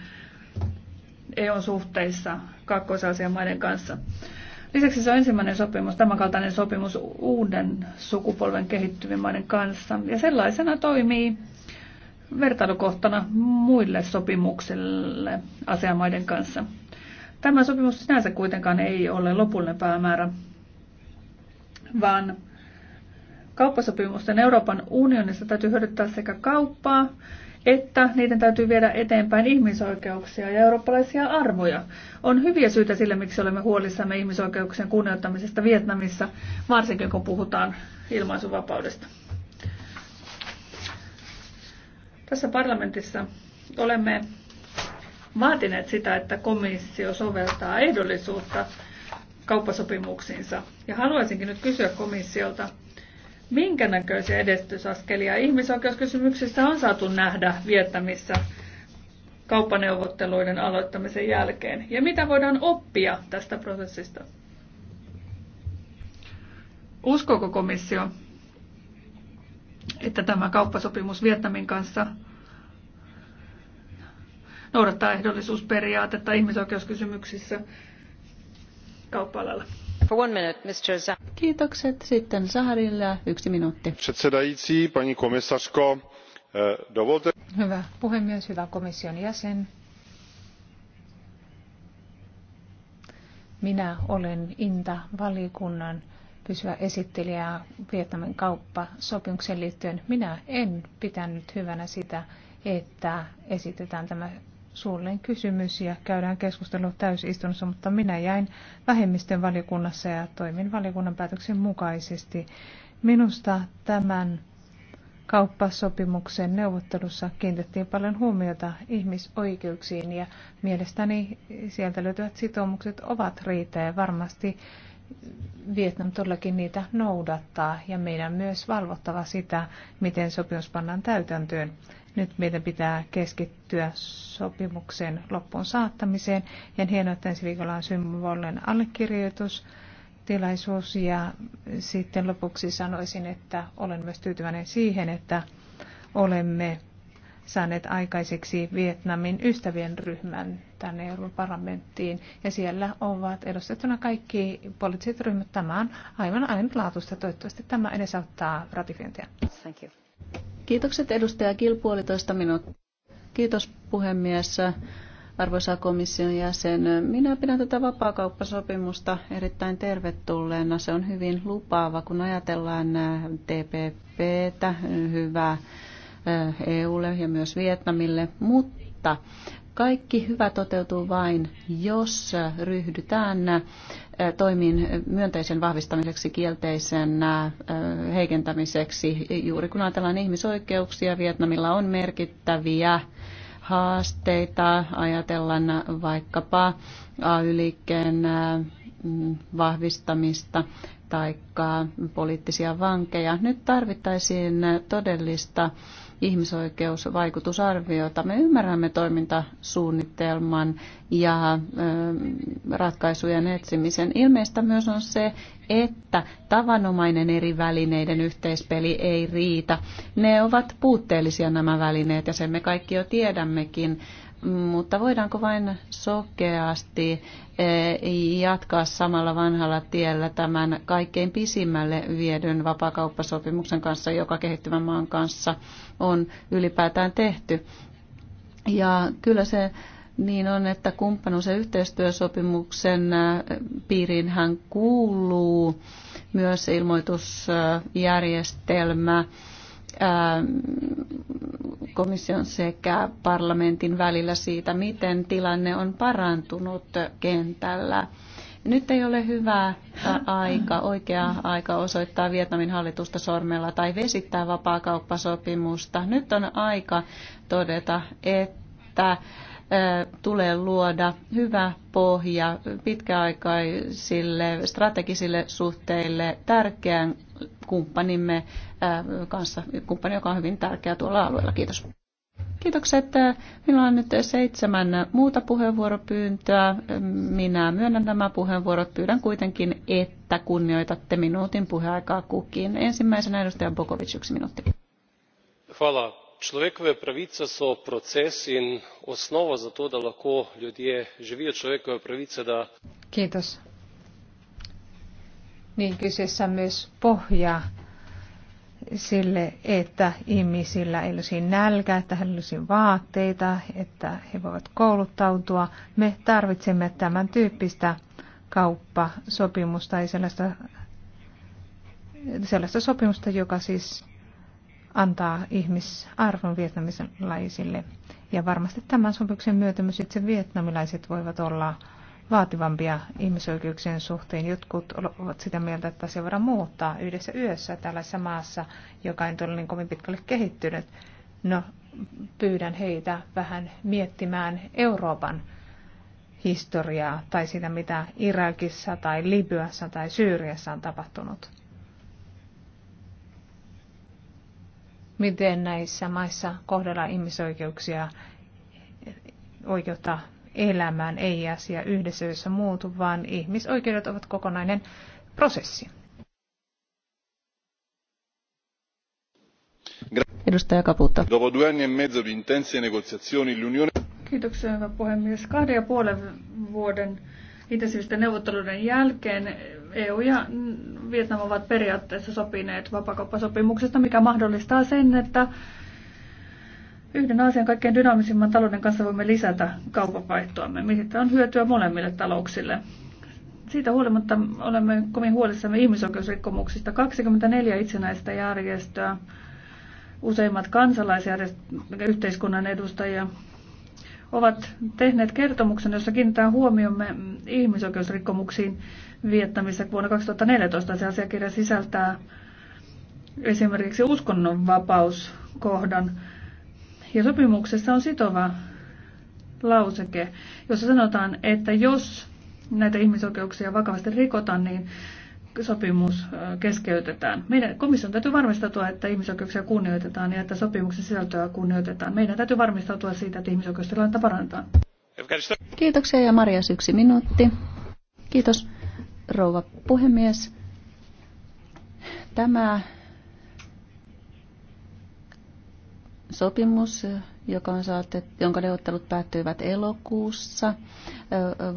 n suhteissa Kaakkois-Aasian maiden kanssa. Lisäksi se on ensimmäinen sopimus, tämänkaltainen sopimus uuden sukupolven kehittyvien maiden kanssa. Ja sellaisena toimii vertailukohtana muille sopimukselle asiamaiden kanssa. Tämä sopimus sinänsä kuitenkaan ei ole lopullinen päämäärä, vaan kauppasopimusten Euroopan unionissa täytyy hyödyttää sekä kauppaa että niiden täytyy viedä eteenpäin ihmisoikeuksia ja eurooppalaisia arvoja. On hyviä syitä sille, miksi olemme huolissamme ihmisoikeuksien kunnioittamisesta Vietnamissa, varsinkin kun puhutaan ilmaisuvapaudesta. Tässä parlamentissa olemme vaatineet sitä, että komissio soveltaa ehdollisuutta kauppasopimuksiinsa. Ja haluaisinkin nyt kysyä komissiolta, minkä näköisiä edistysaskelia ihmisoikeuskysymyksissä on saatu nähdä viettämissä kauppaneuvotteluiden aloittamisen jälkeen? Ja mitä voidaan oppia tästä prosessista? Uskoko komissio, että tämä kauppasopimus Vietnamin kanssa noudattaa ehdollisuusperiaatetta ihmisoikeuskysymyksissä kauppa-alalla. Kiitokset sitten Saharille yksi minuutti. Předsedající, paní komisařko, eh, dovolte... Hyvä puhemies, hyvä komission jäsen. Minä olen Inta-valikunnan pysyvä esittelijä Vietnamin kauppasopimukseen liittyen. Minä en pitänyt hyvänä sitä, että esitetään tämä suullinen kysymys ja käydään keskustelu täysistunnossa, mutta minä jäin vähemmistön valiokunnassa ja toimin valiokunnan päätöksen mukaisesti. Minusta tämän kauppasopimuksen neuvottelussa kiinnitettiin paljon huomiota ihmisoikeuksiin ja mielestäni sieltä löytyvät sitoumukset ovat riitä ja varmasti Vietnam todellakin niitä noudattaa ja meidän myös valvottava sitä, miten sopimus pannaan täytäntöön. Nyt meidän pitää keskittyä sopimuksen loppuun saattamiseen. Ja hienoa, että ensi viikolla on symbolinen allekirjoitus tilaisuus ja sitten lopuksi sanoisin, että olen myös tyytyväinen siihen, että olemme saaneet aikaiseksi Vietnamin ystävien ryhmän tänne Euroopan parlamenttiin. Ja siellä ovat edustettuna kaikki poliittiset ryhmät. Tämä on aivan ainutlaatuista. Toivottavasti tämä edesauttaa ratifiointia. Thank you. Kiitokset edustaja Kil puolitoista minuuttia. Kiitos puhemies. Arvoisa komission jäsen, minä pidän tätä vapaakauppasopimusta erittäin tervetulleena. Se on hyvin lupaava, kun ajatellaan TPPtä, hyvää EUlle eh, e ja myös Vietnamille, mutta kaikki hyvä toteutuu vain, jos ryhdytään toimiin myönteisen vahvistamiseksi, kielteisen heikentämiseksi. Juuri kun ajatellaan ihmisoikeuksia, Vietnamilla on merkittäviä haasteita, ajatellaan vaikkapa AY-liikkeen mm, vahvistamista tai poliittisia vankeja. Nyt tarvittaisiin todellista ihmisoikeusvaikutusarviota. Me ymmärrämme toimintasuunnitelman ja ratkaisujen etsimisen. Ilmeistä myös on se, että tavanomainen eri välineiden yhteispeli ei riitä. Ne ovat puutteellisia nämä välineet ja sen me kaikki jo tiedämmekin mutta voidaanko vain sokeasti e, jatkaa samalla vanhalla tiellä tämän kaikkein pisimmälle viedyn vapakauppasopimuksen kanssa, joka kehittyvän maan kanssa on ylipäätään tehty. Ja kyllä se niin on, että kumppanuus- ja yhteistyösopimuksen e, piiriin hän kuuluu myös ilmoitusjärjestelmä komission sekä parlamentin välillä siitä, miten tilanne on parantunut kentällä. Nyt ei ole hyvä aika, oikea aika osoittaa Vietnamin hallitusta sormella tai vesittää vapaakauppasopimusta. Nyt on aika todeta, että tulee luoda hyvä pohja pitkäaikaisille strategisille suhteille tärkeän kumppanimme kanssa, kumppani, joka on hyvin tärkeä tuolla alueella. Kiitos. Kiitokset. Minulla on nyt seitsemän muuta puheenvuoropyyntöä. Minä myönnän nämä puheenvuorot. Pyydän kuitenkin, että kunnioitatte minuutin puheaikaa kukin. Ensimmäisenä edustaja Bokovic, yksi minuutti. Fala, človekove pravice so proces in osnova za to da lahko ljudje živijo človekove pravice da Kiitos. Niin kyseessä myös pohja sille, että ihmisillä ei olisi nälkä, että heillä olisi vaatteita, että he voivat kouluttautua. Me tarvitsemme tämän tyyppistä kauppasopimusta, sellaista, sellaista sopimusta, joka siis antaa ihmisarvon vietnamilaisille. Ja varmasti tämän sopimuksen myötä myös itse vietnamilaiset voivat olla vaativampia ihmisoikeuksien suhteen. Jotkut ovat sitä mieltä, että se voidaan muuttaa yhdessä yössä tällaisessa maassa, joka ei ole niin kovin pitkälle kehittynyt. No, pyydän heitä vähän miettimään Euroopan historiaa tai sitä, mitä Irakissa tai Libyassa tai Syyriassa on tapahtunut. miten näissä maissa kohdellaan ihmisoikeuksia, oikeutta elämään, ei asia yhdessä, jossa muutu, vaan ihmisoikeudet ovat kokonainen prosessi. Edustaja Caputo. E Kiitoksia, hyvä puhemies. Kahden ja puolen vuoden intensiivisten neuvotteluiden jälkeen EU ja Vietnam ovat periaatteessa sopineet vapakauppasopimuksesta, mikä mahdollistaa sen, että yhden asian kaikkein dynaamisimman talouden kanssa voimme lisätä kaupanvaihtoamme, mistä on hyötyä molemmille talouksille. Siitä huolimatta olemme kovin huolissamme ihmisoikeusrikkomuksista. 24 itsenäistä järjestöä, useimmat kansalaisjärjestöt, yhteiskunnan edustajia ovat tehneet kertomuksen, jossa kiinnitetään huomiomme ihmisoikeusrikkomuksiin viettämissä vuonna 2014. Se asiakirja sisältää esimerkiksi uskonnonvapauskohdan. Ja sopimuksessa on sitova lauseke, jossa sanotaan, että jos näitä ihmisoikeuksia vakavasti rikotaan, niin sopimus keskeytetään. Meidän komission täytyy varmistautua, että ihmisoikeuksia kunnioitetaan ja että sopimuksen sisältöä kunnioitetaan. Meidän täytyy varmistautua siitä, että ihmisoikeustilannetta parannetaan. Kiitoksia ja Marjas yksi minuutti. Kiitos rouva puhemies. Tämä sopimus, joka on saatet, jonka neuvottelut päättyivät elokuussa,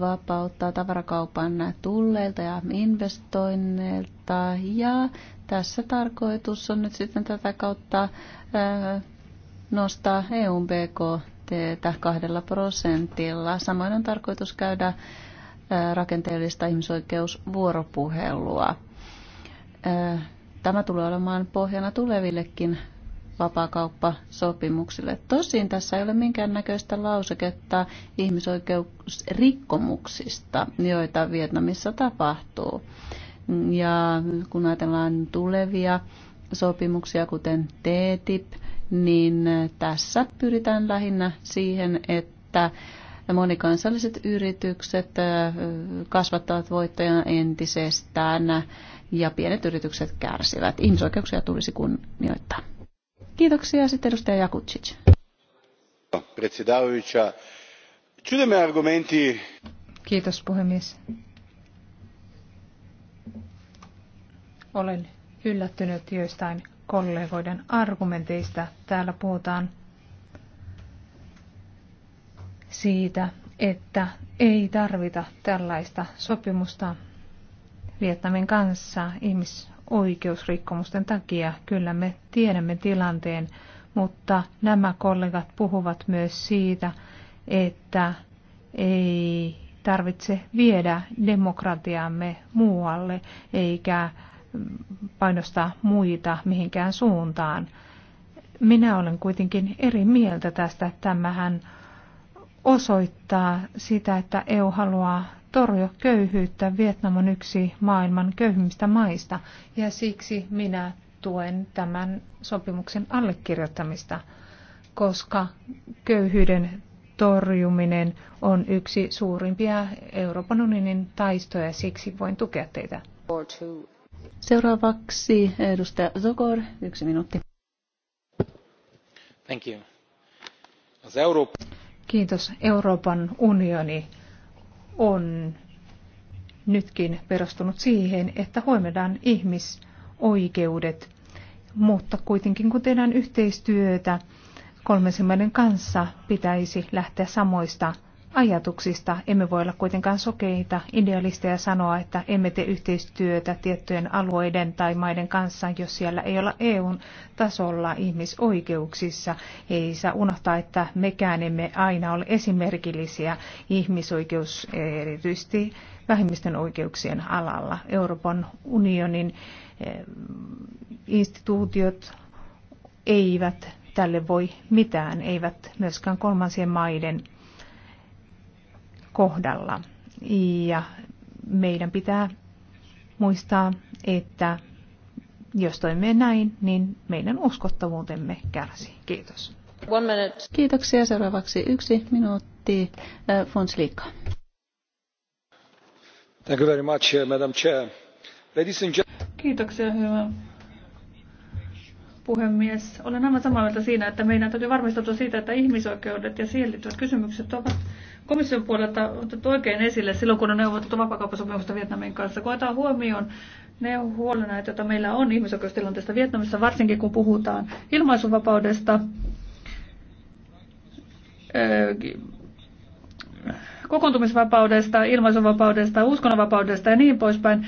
vapauttaa tavarakaupan tulleilta ja investoinneilta. Ja tässä tarkoitus on nyt sitten tätä kautta nostaa EUn BKT kahdella prosentilla. Samoin on tarkoitus käydä rakenteellista ihmisoikeusvuoropuhelua. Tämä tulee olemaan pohjana tulevillekin vapaakauppasopimuksille. Tosin tässä ei ole minkäännäköistä lauseketta ihmisoikeusrikkomuksista, joita Vietnamissa tapahtuu. Ja kun ajatellaan tulevia sopimuksia, kuten TTIP, niin tässä pyritään lähinnä siihen, että monikansalliset yritykset kasvattavat voittoja entisestään ja pienet yritykset kärsivät. Ihmisoikeuksia tulisi kunnioittaa. Kiitoksia. Sitten edustaja Jakutsic. Predsjedavajuća, čude me argumenti... Kiitos puhemies. Olen yllättynyt joistain kollegoiden argumenteista. Täällä puhutaan siitä, että ei tarvita tällaista sopimusta Vietnamin kanssa. Ihmis oikeusrikkomusten takia. Kyllä me tiedämme tilanteen, mutta nämä kollegat puhuvat myös siitä, että ei tarvitse viedä demokratiamme muualle eikä painostaa muita mihinkään suuntaan. Minä olen kuitenkin eri mieltä tästä. Tämähän osoittaa sitä, että EU haluaa torjua köyhyyttä. Vietnam on yksi maailman köyhimmistä maista ja siksi minä tuen tämän sopimuksen allekirjoittamista, koska köyhyyden torjuminen on yksi suurimpia Euroopan unionin taistoja, siksi voin tukea teitä. Seuraavaksi edustaja Zogor, yksi minuutti. Thank you. Kiitos. Euroopan unioni on nytkin perustunut siihen, että huomioidaan ihmisoikeudet, mutta kuitenkin kun tehdään yhteistyötä kolmensimmäinen kanssa, pitäisi lähteä samoista ajatuksista. Emme voi olla kuitenkaan sokeita idealisteja sanoa, että emme tee yhteistyötä tiettyjen alueiden tai maiden kanssa, jos siellä ei olla EUn tasolla ihmisoikeuksissa. Ei saa unohtaa, että mekään emme aina ole esimerkillisiä ihmisoikeus, erityisesti vähemmistön oikeuksien alalla. Euroopan unionin eh, instituutiot eivät tälle voi mitään, eivät myöskään kolmansien maiden kohdalla. Ja meidän pitää muistaa, että jos toimimme näin, niin meidän uskottavuutemme kärsii. Kiitos. One minute. Kiitoksia. Seuraavaksi yksi minuutti. Äh, Fonsliikka. Thank you very much, uh, Madam Chair. Ladies and gentlemen. Kiitoksia, hyvä puhemies. Olen aivan samaa mieltä siinä, että meidän täytyy varmistautua siitä, että ihmisoikeudet ja siihen liittyvät kysymykset ovat komission puolelta otettu oikein esille silloin, kun on neuvottu vapakauppasopimusta Vietnamin kanssa. Koetaan huomioon ne huolenaiheet, joita meillä on ihmisoikeustilanteesta Vietnamissa, varsinkin kun puhutaan ilmaisuvapaudesta, kokoontumisvapaudesta, ilmaisuvapaudesta, uskonnonvapaudesta ja niin poispäin,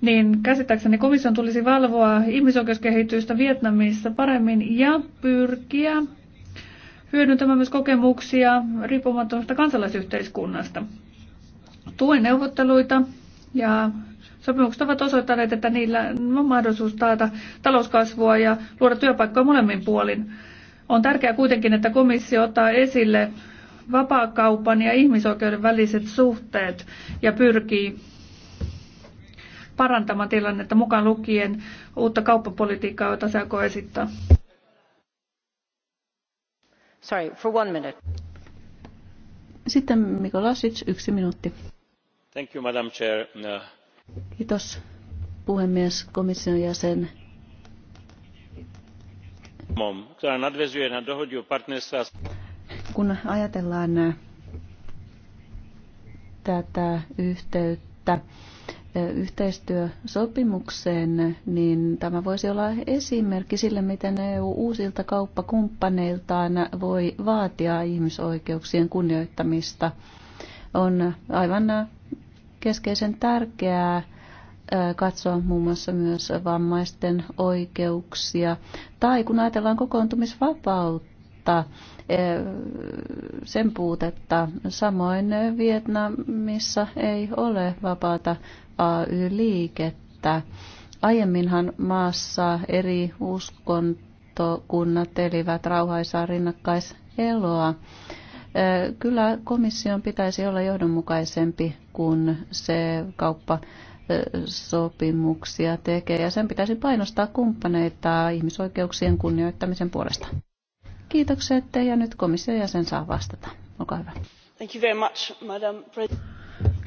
niin käsittääkseni komission tulisi valvoa ihmisoikeuskehitystä Vietnamissa paremmin ja pyrkiä hyödyntämään myös kokemuksia riippumattomasta kansalaisyhteiskunnasta. Tuen neuvotteluita ja sopimukset ovat osoittaneet, että niillä on mahdollisuus taata talouskasvua ja luoda työpaikkoja molemmin puolin. On tärkeää kuitenkin, että komissio ottaa esille vapaakaupan ja ihmisoikeuden väliset suhteet ja pyrkii parantamaan tilannetta mukaan lukien uutta kauppapolitiikkaa, jota aikoo esittää. Sorry, for one minute. Sitten Mikolasic, yksi minuutti. Thank you, Madam Chair. No. Kiitos, puhemies, komission jäsen. Kun ajatellaan tätä yhteyttä, yhteistyösopimukseen, niin tämä voisi olla esimerkki sille, miten EU uusilta kauppakumppaneiltaan voi vaatia ihmisoikeuksien kunnioittamista. On aivan keskeisen tärkeää katsoa muun muassa myös vammaisten oikeuksia. Tai kun ajatellaan kokoontumisvapautta, puutetta, eh, sen puutetta. Samoin Vietnamissa ei ole vapaata AY-liikettä. Aiemminhan maassa eri uskontokunnat elivät rauhaisaa rinnakkaiseloa. Eh, kyllä komission pitäisi olla johdonmukaisempi, kun se kauppa eh, sopimuksia tekee ja sen pitäisi painostaa kumppaneita ihmisoikeuksien kunnioittamisen puolesta. Kiitokset ja nyt komission jäsen saa vastata. Olkaa hyvä. Thank you very much, Madam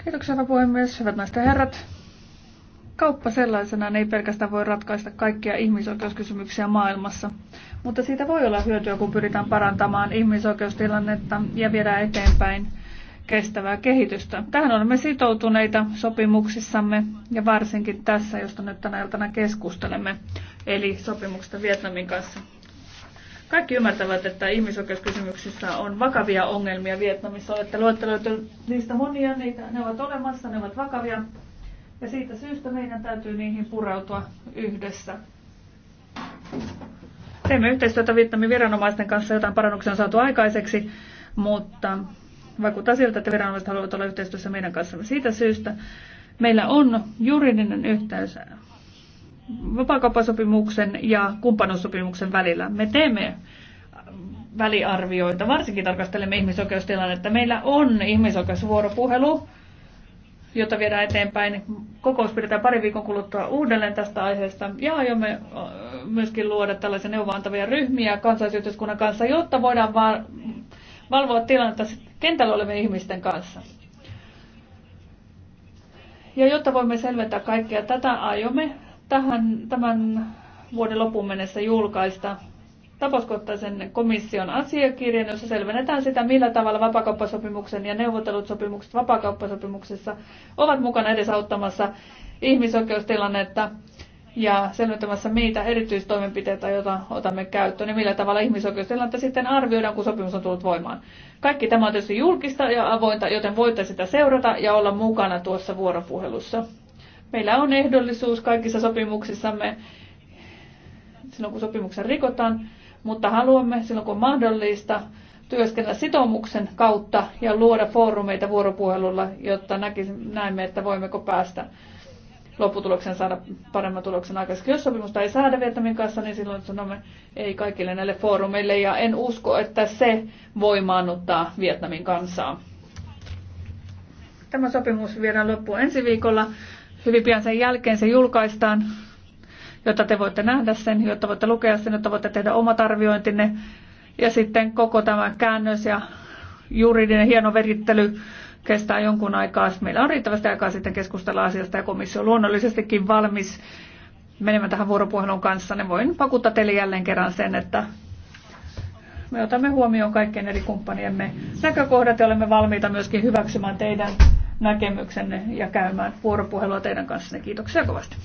Kiitoksia, hyvä puhemies. Hyvät naiset ja herrat. Kauppa sellaisenaan ei pelkästään voi ratkaista kaikkia ihmisoikeuskysymyksiä maailmassa, mutta siitä voi olla hyötyä, kun pyritään parantamaan ihmisoikeustilannetta ja viedä eteenpäin kestävää kehitystä. Tähän olemme sitoutuneita sopimuksissamme ja varsinkin tässä, josta nyt tänä iltana keskustelemme, eli sopimuksesta Vietnamin kanssa. Kaikki ymmärtävät, että ihmisoikeuskysymyksissä on vakavia ongelmia Vietnamissa. Olette luettelut niistä monia, niitä, ne ovat olemassa, ne ovat vakavia. Ja siitä syystä meidän täytyy niihin pureutua yhdessä. Teemme yhteistyötä Vietnamin viranomaisten kanssa, jotain parannuksia on saatu aikaiseksi, mutta vaikuttaa siltä, että viranomaiset haluavat olla yhteistyössä meidän kanssamme. Siitä syystä meillä on juridinen yhteys vapaakauppasopimuksen ja kumppanuussopimuksen välillä. Me teemme väliarvioita, varsinkin tarkastelemme ihmisoikeustilannetta. Meillä on ihmisoikeusvuoropuhelu, jota viedään eteenpäin. Kokous pidetään pari viikon kuluttua uudelleen tästä aiheesta ja aiomme myöskin luoda tällaisia neuvoantavia ryhmiä kansallisyhteiskunnan kanssa, jotta voidaan valvoa tilannetta kentällä olevien ihmisten kanssa. Ja jotta voimme selventää kaikkea tätä, aiomme tähän, tämän vuoden lopun mennessä julkaista tapauskohtaisen komission asiakirjan, jossa selvennetään sitä, millä tavalla vapakauppasopimuksen ja neuvotellut sopimukset vapakauppasopimuksessa ovat mukana edesauttamassa ihmisoikeustilannetta ja selventämässä niitä erityistoimenpiteitä, joita otamme käyttöön ja millä tavalla ihmisoikeustilannetta sitten arvioidaan, kun sopimus on tullut voimaan. Kaikki tämä on tietysti julkista ja avointa, joten voitte sitä seurata ja olla mukana tuossa vuoropuhelussa. Meillä on ehdollisuus kaikissa sopimuksissamme silloin, kun sopimuksen rikotaan, mutta haluamme silloin, kun on mahdollista, työskennellä sitoumuksen kautta ja luoda foorumeita vuoropuhelulla, jotta näemme, että voimmeko päästä lopputuloksen saada paremman tuloksen aikaiseksi. Jos sopimusta ei saada Vietnamin kanssa, niin silloin sanomme ei kaikille näille foorumeille ja en usko, että se voimaannuttaa Vietnamin kansaa. Tämä sopimus viedään loppuun ensi viikolla. Hyvin pian sen jälkeen se julkaistaan, jotta te voitte nähdä sen, jotta voitte lukea sen, jotta voitte tehdä omat arviointinne. Ja sitten koko tämä käännös ja juridinen hieno verittely kestää jonkun aikaa. Meillä on riittävästi aikaa sitten keskustella asiasta ja komissio on luonnollisestikin valmis menemään tähän vuoropuhelun kanssa. Ne voin pakuttaa teille jälleen kerran sen, että me otamme huomioon kaikkien eri kumppaniemme näkökohdat ja olemme valmiita myöskin hyväksymään teidän näkemyksenne ja käymään vuoropuhelua teidän kanssanne. Kiitoksia kovasti.